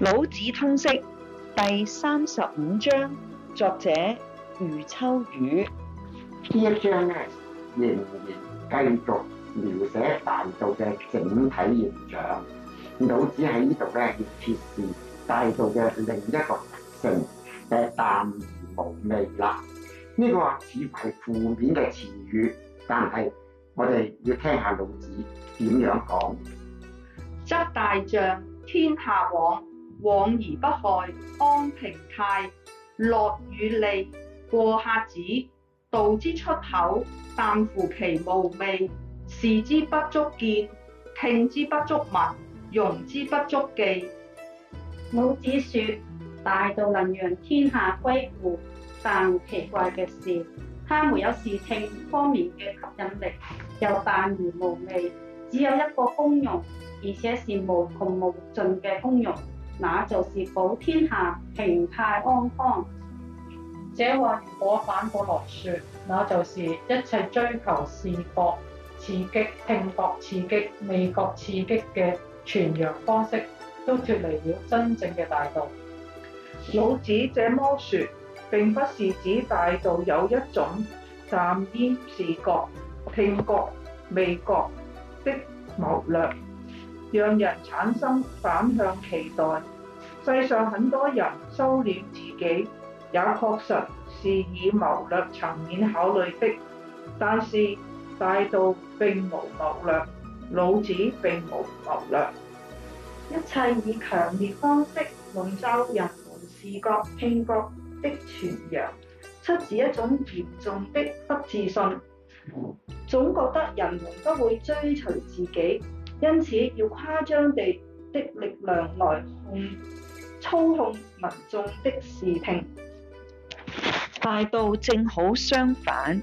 老子通釋第三十五章，作者余秋雨。呢一章咧，仍然繼續描寫大道嘅整體形象。老子喺呢度咧要揭示大道嘅另一個特性，誒，淡而無味啦。呢、這個似乎係負面嘅詞語，但係我哋要聽下老子點樣講。執大象，天下往。往而不害，安平泰；樂與利，過客止。道之出口，淡乎其無味；視之不足見，聽之不足聞，用之不足既。老子說，大道能讓天下歸附，但奇怪嘅是，他沒有視聽方面嘅吸引力，又淡而無味，只有一個功用，而且是無窮無盡嘅功用。那就是保天下、平泰安康。這話如果反過來說，那就是一切追求視覺刺激、聽覺刺激、味覺刺激嘅傳揚方式，都脫離了真正嘅大道。老子這麼說，並不是指大道有一種站依視覺、聽覺、味覺的謀略。讓人產生反向期待。世上很多人收斂自己，也確實是以謀略層面考慮的。但是大道並無謀略，老子並無謀略。 一切以強烈方式籠罩人們視覺、聽覺的傳揚，出自一種嚴重的不自信，總覺得人們不會追隨自己。因此要誇張地的力量來控操控民眾的視聽。大道正好相反，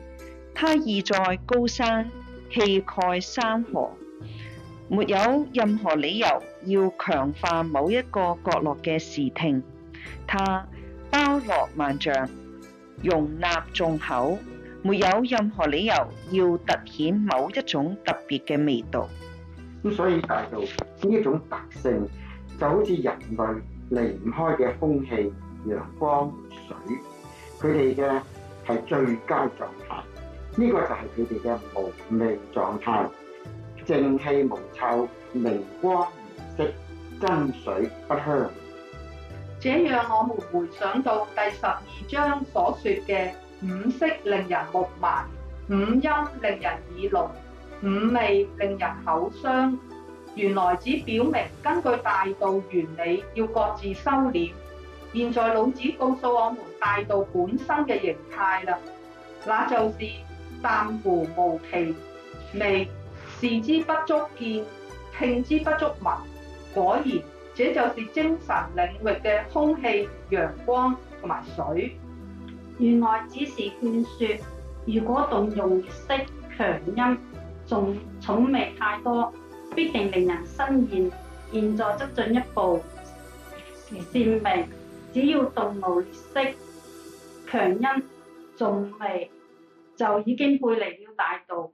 他意在高山，氣蓋山河，沒有任何理由要強化某一個角落嘅視聽，他包羅萬象，容納眾口，沒有任何理由要凸顯某一種特別嘅味道。咁所以大道呢種特性就好似人類離唔開嘅空氣、陽光、水，佢哋嘅係最佳狀態。呢、這個就係佢哋嘅無味狀態，正氣無臭，靈光無色，真水不香。這讓我們回想到第十二章所說嘅五色令人目盲，五音令人耳聾，五味令人口傷。原來只表明根據大道原理，要各自收斂。現在老子告訴我們大道本身嘅形態啦，那就是淡乎其無，味視之不足見，聽之不足聞。果然，這就是精神領域嘅空氣、陽光同埋水。原來只是勸說，如果動用色強音，重重味太多，必定令人生厭。現在則進一步善命，只要動怒烈色強音重味，就已經背離了大道。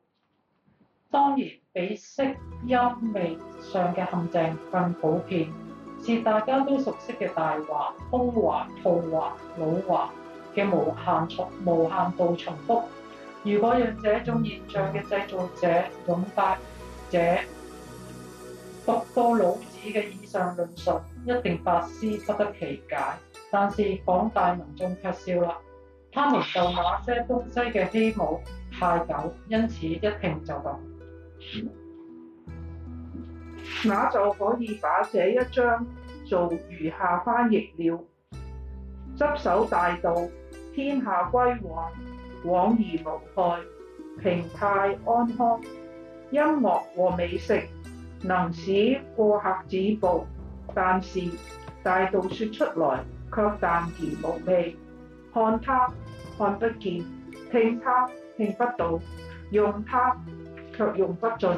當然，比色音味上嘅陷阱更普遍，是大家都熟悉嘅大話空話套話老話嘅無限重無限度重複。如果讓這種現象嘅製作者、擁戴者讀到老子嘅以上論述，一定百思不得其解。但是廣大民眾卻笑啦，他們受那些東西嘅欺侮太久，因此一聽就懂。嗯、那就可以把這一章做如下翻譯了：執守大道，天下歸往。往而無害，平泰安康。音樂和美食能使過客止步，但是大道說出來卻淡而無味。看他看不見，聽他聽不到，用他卻用不盡。